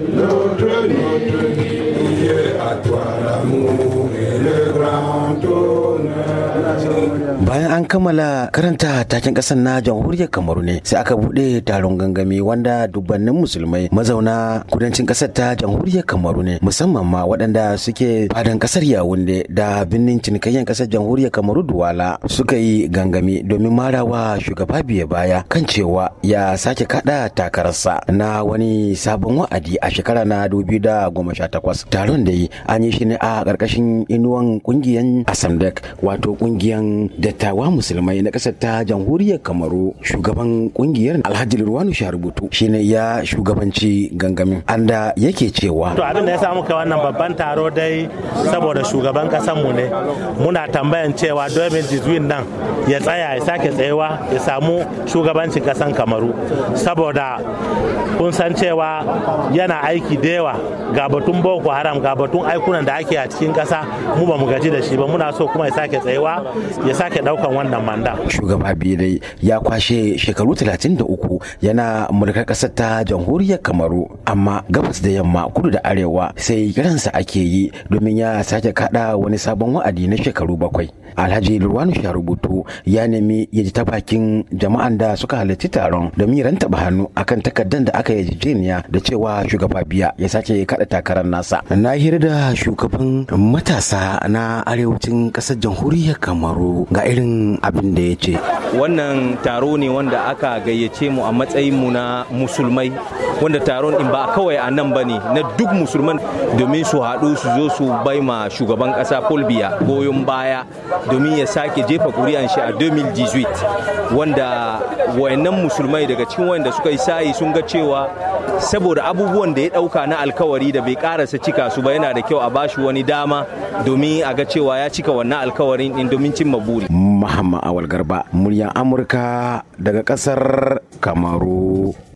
Notre, notre vie est à toi l'amour et le grand tour. an kammala karanta takin kasar na jamhuriyar kamaru ne sai aka bude taron gangami wanda dubbannin musulmai mazauna kudancin kasar ta jamhuriyar kamaru ne musamman ma waɗanda suke fadan kasar yawunde da birnin cinikayyar kasar jamhuriyar kamaru duwala suka yi gangami domin marawa shugaba biya baya kan cewa ya sake kaɗa takararsa na wani sabon wa'adi a shekara na 2018 taron da yi an yi shi ne a ƙarƙashin inuwan ƙungiyar asamdek wato ƙungiyar dattawa jama'a musulmai na ƙasar ta jamhuriyar kamaru shugaban kungiyar alhaji ruwanu rubutu shine ya shugabanci gangamin anda yake cewa to abin da ya samu kai wannan babban taro dai saboda shugaban kasar mu ne muna tambayan cewa domin jizuin nan ya tsaya ya sake tsayawa ya samu shugabancin kasan kamaru saboda kun san cewa yana aiki da yawa ga batun boko haram ga batun aikunan da ake a cikin kasa mu ba mu gaji da shi ba muna so kuma ya sake tsayawa ya sake daukan wannan manda. Shugaba ya kwashe shekaru 33 yana mulkar kasar ta jamhuriyar Kamaru amma gabas da yamma kudu da arewa sai kiransa ake yi domin ya sake kada wani sabon wa'adi na shekaru bakwai. Alhaji Lurwanu Sharubutu ya nemi ya ji ta bakin jama'an da suka halarci taron domin ran taɓa hannu akan takardar da aka jiniya da cewa shugaba biya ya sake kada takarar nasa. Na hira da shugaban matasa na arewacin kasar jamhuriyar Kamaru ga irin abin da ya ce wannan taro ne wanda aka gayyace mu a matsayin mu na musulmai wanda taron in ba kawai a nan ba ne na duk musulman domin su haɗu su zo su bai ma shugaban ƙasa Folbiya goyon baya domin ya sake jefa ƙuri'an shi a 2018 wanda wayannan musulmai daga cikin wayanda suka yi sayi sun ga cewa saboda abubuwan da ya ɗauka na alkawari da bai karasa cika su ba yana da kyau a bashi wani dama domin a ga cewa ya cika wannan alkawarin din domin cimma buri. Muhammad Awal Garba, murya Amurka daga ƙasar Kamaru.